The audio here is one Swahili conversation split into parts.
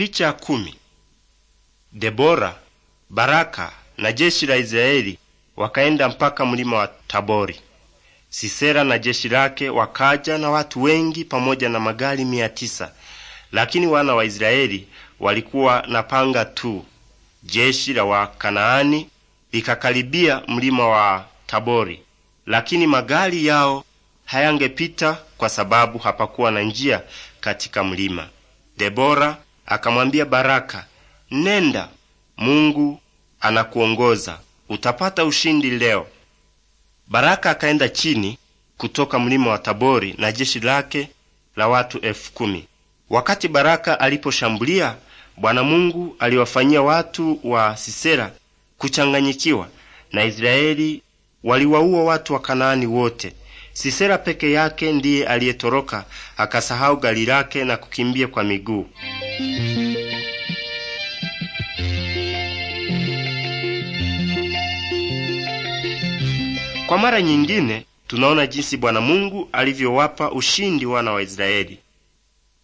Picha kumi. Debora, Baraka na jeshi la Israeli wakaenda mpaka mlima wa Tabori. Sisera na jeshi lake wakaja na watu wengi pamoja na magari mia tisa, lakini wana wa Israeli walikuwa na panga tu. Jeshi la Wakanaani likakaribia mlima wa Tabori, lakini magari yao hayangepita kwa sababu hapakuwa na njia katika mlima. Debora akamwambia Baraka, nenda, Mungu anakuongoza, utapata ushindi leo. Baraka akaenda chini kutoka mlima wa Tabori na jeshi lake la watu elfu kumi. Wakati Baraka aliposhambulia, Bwana Mungu aliwafanyia watu wa Sisera kuchanganyikiwa, na Israeli waliwaua watu wa Kanaani wote. Sisera peke yake ndiye aliyetoroka akasahau gari lake na kukimbia kwa miguu. Kwa mara nyingine tunaona jinsi Bwana Mungu alivyowapa ushindi wana wa Israeli.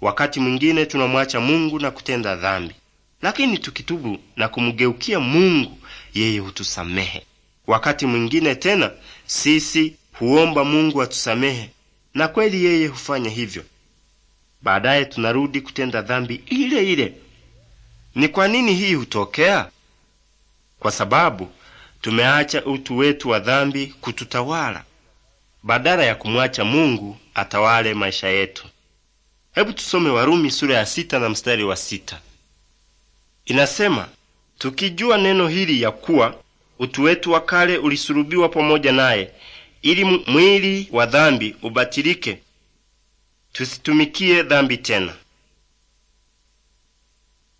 Wakati mwingine tunamwacha Mungu na kutenda dhambi, lakini tukitubu na kumgeukia Mungu, yeye hutusamehe. Wakati mwingine tena sisi huomba Mungu atusamehe, na kweli yeye hufanya hivyo. Baadaye tunarudi kutenda dhambi ile ile. Ni kwa nini hii hutokea? Kwa sababu tumeacha utu wetu wa dhambi kututawala, badala ya kumwacha Mungu atawale maisha yetu. Hebu tusome Warumi sura ya sita na mstari wa sita. Inasema, tukijua neno hili ya kuwa utu wetu wa kale ulisulubiwa pamoja naye ili mwili wa dhambi ubatilike, tusitumikie dhambi tena.